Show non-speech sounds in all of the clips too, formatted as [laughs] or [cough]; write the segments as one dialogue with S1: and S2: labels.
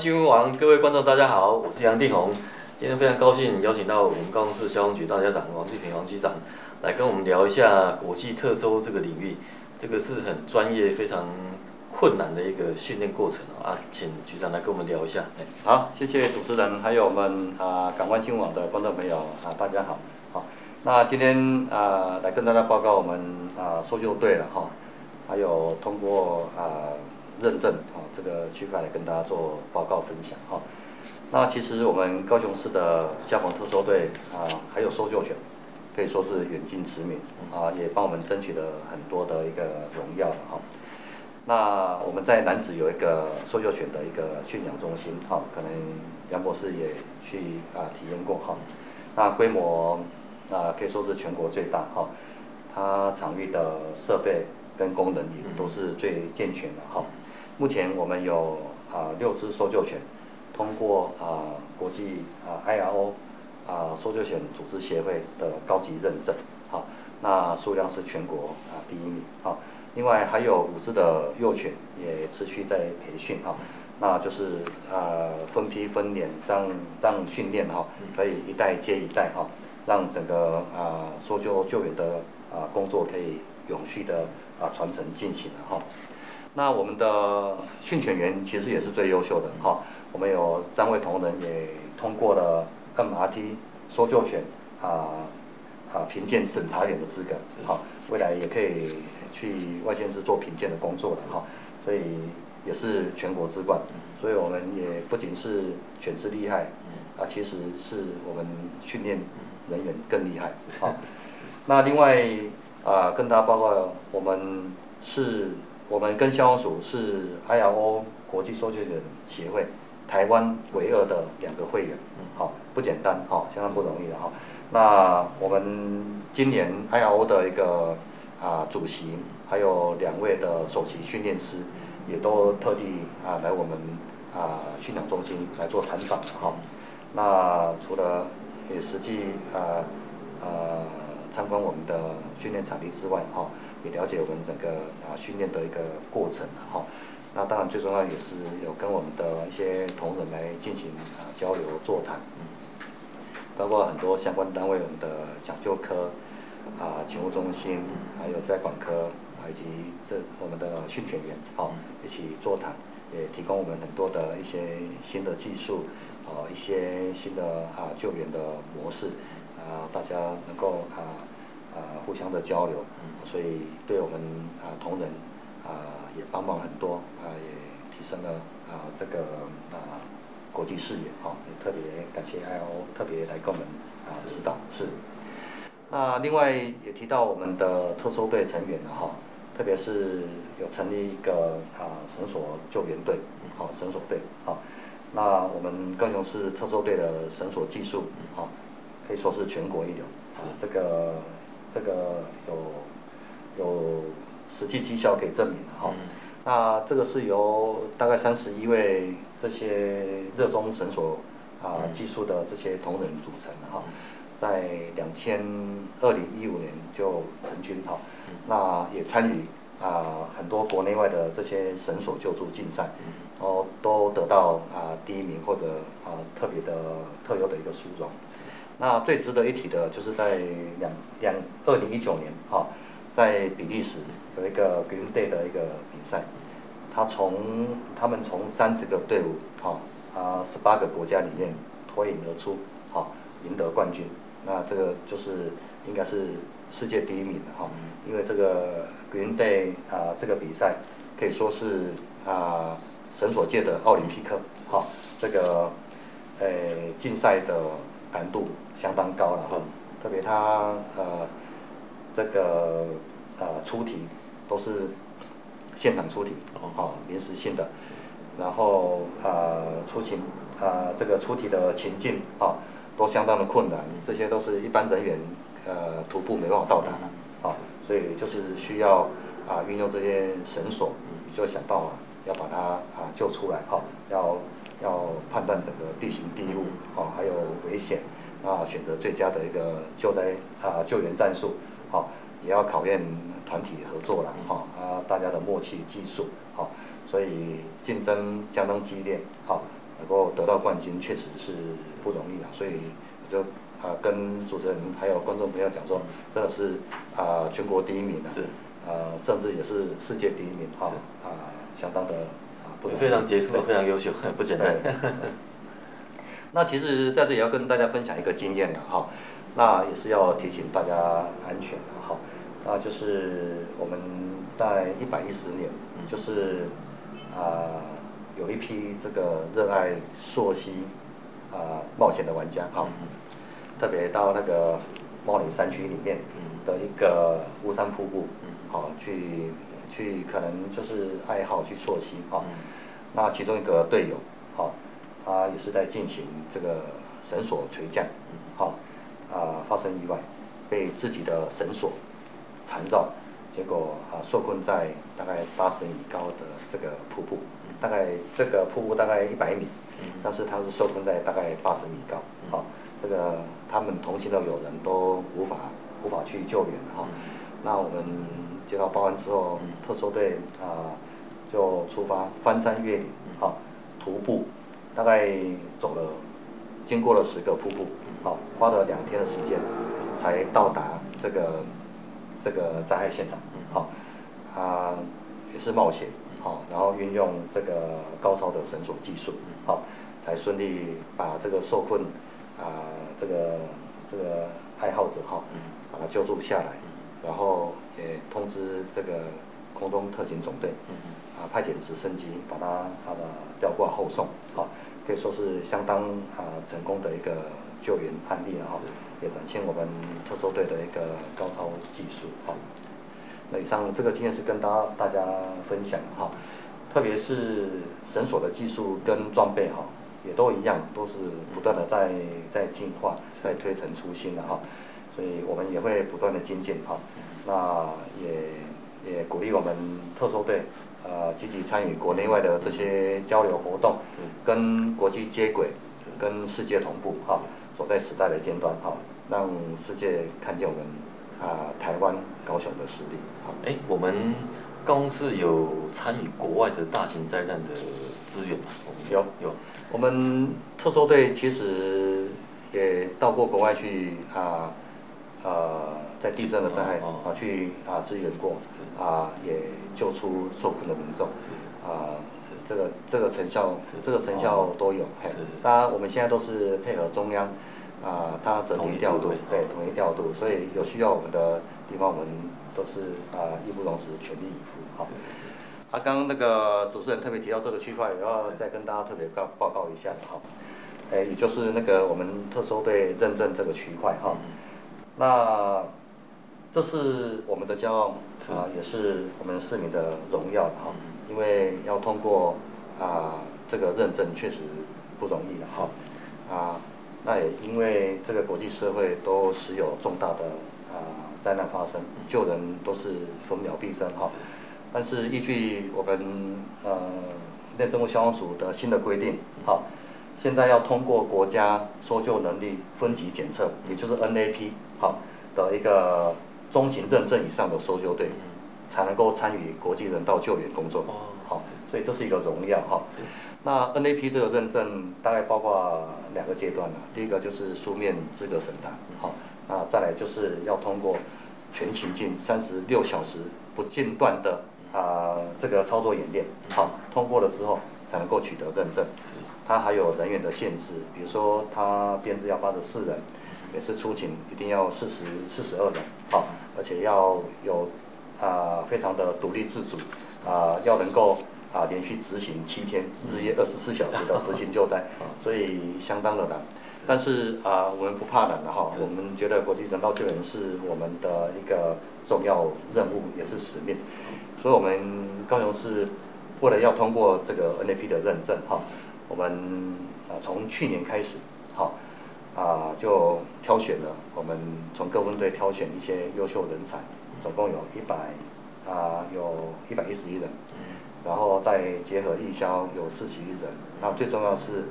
S1: 新聞網各位觀眾，大家好，我是楊定紘。今天非常高興邀請到我們高雄市消防局大家長王志平王局長來跟我們聊一下國際特搜這個領域，這個是很專業、非常困難的一個訓練過程啊，請局長來跟我們聊一下。好，謝謝主持人，還有我們啊港灣新聞網的觀眾朋友啊，大家好。
S2: 好、啊，那今天啊來跟大家報告我們啊搜救隊了哈，還有通過啊。認證啊，這個區塊來跟大家做報告分享哈。那其實我們高雄市的消防特搜隊啊、呃，還有搜救犬，可以說是遠近馳名啊，也幫我們爭取了很多的一個榮耀哈。那我們在楠梓有一個搜救犬的一個馴養中心哈，可能楊博士也去啊、呃、體驗過哈。那規模啊、呃、可以說是全國最大哈，它場域的設備跟功能也都是最健全的哈。嗯目前我們有啊、呃、六隻搜救犬，通過啊、呃、國際啊 IRO 啊搜救犬組織協會的高級認證，好、哦，那數量是全國啊、呃、第一名，好、哦，另外還有五隻的幼犬也持續在培訓哈、哦，那就是啊、呃、分批分年讓讓訓練哈，可以一代接一代哈、哦，讓整個啊搜、呃、救救援的啊、呃、工作可以永續的啊傳、呃、承進行了哈。哦那我們的訓犬員其實也是最優秀的哈，我們有三位同仁也通過了 MRT 搜救犬啊啊評鑑審查員的資格，好，未來也可以去外縣市做評鑑的工作了哈，所以也是全國之冠，所以我們也不僅是犬隻厲害啊、呃，其實是我們訓練人員更厲害，好，那另外啊，跟、呃、大家報告，我們是。我們跟消防署是 IRO 國際授權人協會台灣唯二的兩個會員，好不簡單，好相當不容易的哈。那我們今年 IRO 的一個啊主席，還有兩位的首席訓練師，也都特地啊來我們啊訓練中心來做參訪哈。那除了也實際啊呃參觀我們的訓練場地之外哈。也了解我們整個啊訓練的一個過程哈，那當然最重要也是有跟我們的一些同仁來進行啊交流座談，包括很多相關單位我們的搶救科啊勤務中心，還有在管科，以及這我們的訓犬員啊一起座談，也提供我們很多的一些新的技術，啊一些新的啊救援的模式，啊大家能夠啊。啊、呃，互相的交流，所以對我們啊、呃、同仁啊、呃、也幫忙很多啊、呃，也提升了啊、呃、這個啊、呃、國際視野哈、哦，也特別感謝 IRO 特別來跟我們啊是、呃、指導是。那是、啊、另外也提到我們的特搜隊成員了哈、哦，特別是有成立一個啊、呃、繩索救援隊，啊、哦、繩索隊啊、哦，那我們高雄市特搜隊的繩索技術啊、哦、可以說是全國一流，是啊，這個。這個有有實際績效可以證明的哈，那這個是由大概三十一位這些熱衷繩索啊技術的這些同仁組成的哈，在兩千二零一五年就成軍哈，那也參與啊很多國內外的這些繩索救助競賽，然後都得到啊第一名或者啊特別的特有的一個殊榮。那最值得一提的就是在兩兩二零一九年哈，在比利時有一個 GRIMPDAY 的一個比賽，他從他們從三十個隊伍哈啊十八個國家裡面脫穎而出哈、啊，贏得冠軍。那這個就是應該是世界第一名的哈、啊，因為這個 GRIMPDAY 啊這個比賽可以說是啊繩索界的奧林匹克哈、啊，這個誒競賽的。難度相當高了，特別它呃這個呃出題都是現場出題，哦，臨時性的，然後呃出勤，呃，呃這個出題的情境啊，哦，都相當的困難，這些都是一般人員呃徒步沒辦法到達的，哦，所以就是需要啊運、呃、用這些繩索你就想到了要把它啊、呃、救出來，哦，要。要判斷整個地形地物，哦，還有危險，那選擇最佳的一個救災啊救援戰術，好，也要考驗團體合作了哈啊，大家的默契技術，好，所以競爭相當激烈，好，能夠得到冠軍確實是不容易的，所以我就啊跟主持人還有觀眾朋友講說，真的是啊全國第一名啊，是，啊，甚至也是世界第一名哈啊，相當的。非常傑出的，對非常優秀，對不簡單。 [laughs] 那其實在這裡要跟大家分享一個經驗啊，哈，那也是要提醒大家安全了哈。那就是我們在一百一十年，就是啊、呃，有一批這個熱愛溯溪啊冒險的玩家哈，特別到那個茂林山區裡面的一個烏山瀑布，好去。去可能就是愛好去溯溪啊，那其中一個隊友，哈、哦，他也是在進行這個繩索垂降，哈、嗯，啊、嗯哦呃、發生意外，被自己的繩索纏繞，結果啊、呃、受困在大概八十米高的這個瀑布，嗯，大概這個瀑布大概一百米，嗯、但是他是受困在大概八十米高，哈、嗯嗯哦，這個他們同行的友人都無法無法去救援哈，哦嗯、那我們。接到報案之後，特搜隊啊、呃、就出發，翻山越嶺，啊，徒步，大概走了，經過了十個瀑布，啊，花了兩天的時間，才到達這個這個災害現場，好、呃，啊也是冒險，啊，然後運用這個高超的繩索技術，啊，才順利把這個受困啊、呃、這個這個愛好者哈，把他救助下來，然後。也通知這個空中特警總隊，啊，派遣直升機把它它的吊掛後送，好，可以說是相當啊成功的一個救援案例了哈，也展現我們特搜隊的一個高超技術啊。那以上這個經驗是跟大大家分享哈，特別是繩索的技術跟裝備哈，也都一樣，都是不斷的在在進化，在推陳出新了哈，所以我們也會不斷的精進哈。那也也鼓勵我們特搜隊，呃，積極參與國內外的這些交流活動，是跟國際接軌，是跟世界同步啊，走、哦、在時代的尖端啊、哦，讓世
S1: 界看見我們啊、呃、台灣高雄的實力。哎、哦欸，我們公司有參與國外的大型災難的支援，嗎？有有，我們特搜隊其實也到過國外去啊
S2: 啊。呃呃在地震的災害啊，去啊支援過，啊也救出受困的民眾，啊，這個這個成效，這個成效都有。嘿，當然我們現在都是配合中央，啊，它整體調度，對，統一調度，所以有需要我們的地方，我們都是啊義不容辭，全力以赴。好，啊，剛剛那個主持人特別提到這個區塊，然後再跟大家特別告報告一下。好，欸，也就是那個我們特搜隊認證這個區塊哈，那。這是我們的驕傲啊，也是我們市民的榮耀哈、啊。因為要通過啊這個認證，確實不容易的。哈啊，那也因為這個國際社會都時有重大的啊災難發生，救人都是分秒必爭哈、啊。但是依據我們呃內政部消防署的新的規定，哈、啊，現在要通過國家搜救能力分級檢測，也就是 NAP 哈、啊，的一個。中型認證以上的搜救隊才能夠參與國際人道救援工作。好、哦哦，所以這是一個榮耀哈。哦、是那 NAP 這個認證大概包括兩個階段呢？第一個就是書面資格審查，好、哦，那再來就是要通過全情境三十六小時不間斷的啊、呃、這個操作演練，好、哦，通過了之後才能夠取得認證。是是，它還有人員的限制，比如說它編制要八十四人。也是出警一定要四十四十二人，哈、哦，而且要有啊、呃，非常的獨立自主，啊、呃，要能夠啊、呃、連續執行七天日夜二十四小時的執行救災、 [laughs] 哦，所以相當的難。但是啊、呃，我們不怕難的哈，哦、對 我們覺得國際人道救援是我們的一個重要任務，也是使命。所以我們高雄市為了要通過這個 NAP 的認證哈、哦，我們啊從、呃、去年開始好。哦啊、呃，就挑選了我們從各分隊挑選一些優秀人才，總共有一百，啊，有一百一十一人，然後再結合義消有四十一人，那最重要是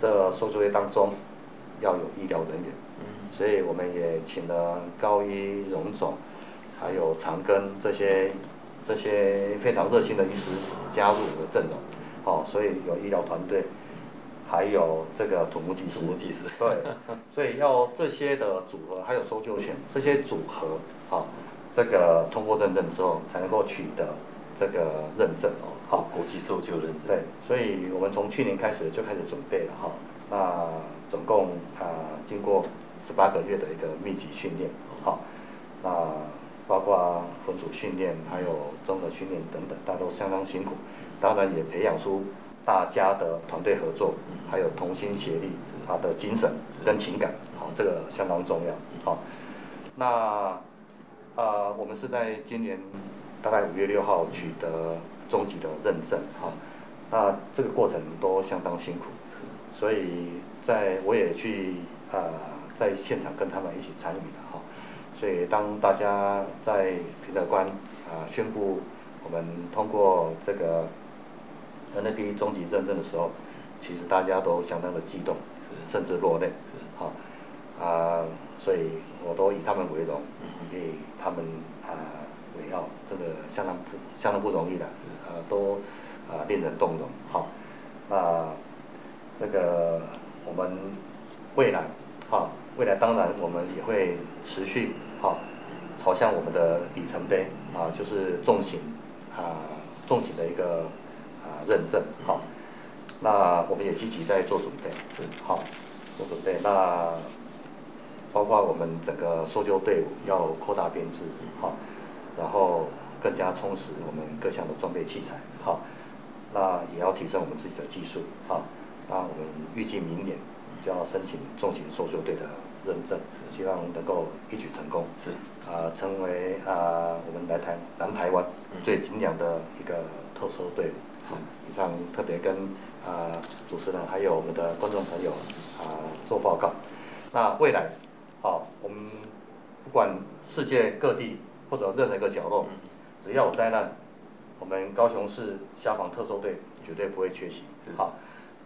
S2: 這搜救隊當中要有醫療人員，所以我們也請了高醫、榮總，還有長庚這些這些非常熱心的醫師加入我們的陣容，好、哦，所以有醫療團隊。還有這個土木技師土木技師，對，所以要這些的組合，還有搜救犬這些組合，哈、哦，這個通過認證之後才能夠取得這個認證哦。好，國際搜救認證。對，所以我們從去年開始就開始準備了哈、哦，那總共啊、呃、經過十八個月的一個密集訓練，哈、哦，那包括分組訓練，還有綜合訓練等等，大家都相當辛苦，當然也培養出。大家的團隊合作，還有同心協力啊的精神跟情感，好、哦，這個相當重要。好、哦，那呃，我們是在今年大概五月六號取得中級的認證，哈、哦，那這個過程都相當辛苦，所以在我也去啊、呃、在現場跟他們一起參與了，哈、哦，所以當大家在評審官啊、呃、宣布我們通過這個。那批中級認證的時候，其實大家都相當的激動，是甚至落淚。好啊、是、哦呃，所以我都以他們為榮，以、嗯、哼他們啊，為、呃、傲這個相當不相當不容易的，啊是、呃，都啊、呃、令人動容。好、哦、啊、呃，這個我們未來，哈、哦，未來當然我們也會持續，哈、哦，朝向我們的里程碑啊，就是重型啊、呃，重型的一個。啊，認證好、哦，那我們也積極在做準備，是、哦、好做準備。那包括我們整個搜救隊伍要擴大編制，好、哦，然後更加充實我們各項的裝備器材，好、哦，那也要提升我們自己的技術，好、哦。那我們預計明年就要申請重型搜救隊的認證，希望能夠一舉成功，是啊、呃，成為啊、呃、我們來台南台灣最精良的一個特搜隊伍。好，是以上特別跟啊、呃、主持人還有我們的觀眾朋友啊、呃、做報告。那未來，好、哦，我們不管世界各地或者任何一個角落，只要有災難，我們高雄市消防特搜隊絕對不會缺席。好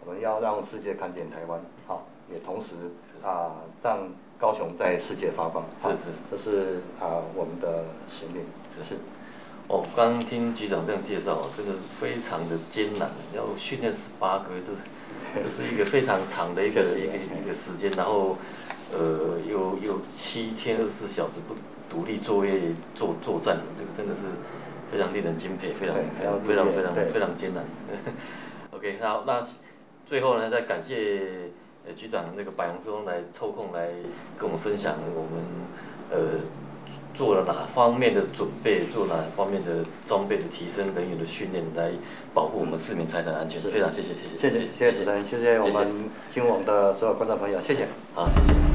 S2: 是、哦，我們要讓世界看見台灣，好、哦，也同時啊、呃、讓高雄在世界發光。好、哦，
S1: 是是這是啊、呃、我們的使命，謝謝，是是。哦，剛聽局長這樣介紹，真的非常的艱難，要訓練十八個月，這這是一個非常長的一個一個一個時間，然後，呃，又又七天二十四小時不獨立作業作作戰，這個真的是非常令人敬佩，非常對非常對非常非常對非常艱難。呵呵 OK，那那最後呢，再感謝、呃、局長那個百忙之中來抽空來跟我們分享我們呃。做了哪方面的準備？做哪方面的裝備的提升？人員的訓練來保護我們市民財產安全是非常謝謝謝謝謝謝謝謝主持人謝。謝謝我們新聞網的所有觀眾朋友謝謝好謝謝。謝謝